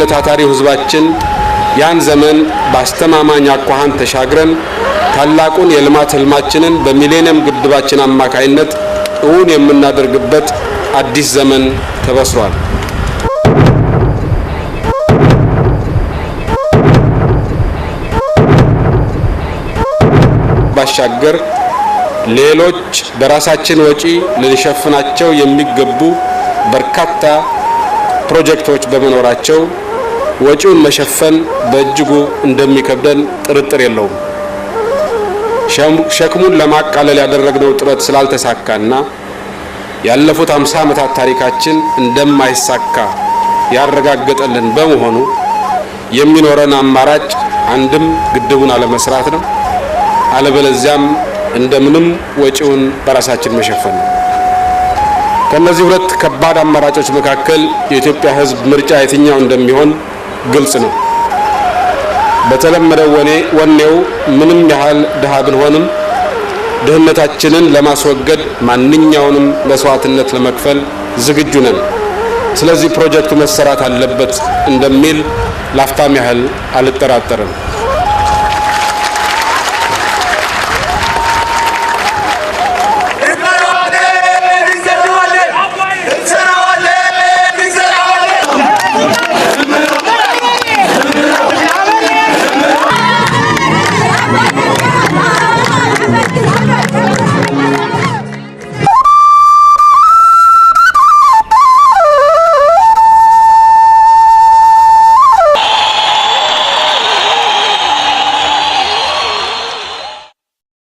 ለታታሪ ህዝባችን ያን ዘመን በአስተማማኝ አኳኋን ተሻግረን ታላቁን የልማት ህልማችንን በሚሌኒየም ግድባችን አማካይነት እውን የምናደርግበት አዲስ ዘመን ተበስሯል። ባሻገር ሌሎች በራሳችን ወጪ ልንሸፍናቸው የሚገቡ በርካታ ፕሮጀክቶች በመኖራቸው ወጪውን መሸፈን በእጅጉ እንደሚከብደን ጥርጥር የለውም። ሸክሙን ለማቃለል ያደረግነው ጥረት ስላልተሳካና ያለፉት አምሳ ዓመታት ታሪካችን እንደማይሳካ ያረጋገጠልን በመሆኑ የሚኖረን አማራጭ አንድም ግድቡን አለመስራት ነው፣ አለበለዚያም እንደምንም ወጪውን በራሳችን መሸፈን ነው። ከእነዚህ ሁለት ከባድ አማራጮች መካከል የኢትዮጵያ ሕዝብ ምርጫ የትኛው እንደሚሆን ግልጽ ነው። በተለመደው ወኔ ወኔው ምንም ያህል ድሃ ብንሆንም ድህነታችንን ለማስወገድ ማንኛውንም መስዋዕትነት ለመክፈል ዝግጁ ነን። ስለዚህ ፕሮጀክቱ መሰራት አለበት እንደሚል ላፍታም ያህል አልጠራጠርም።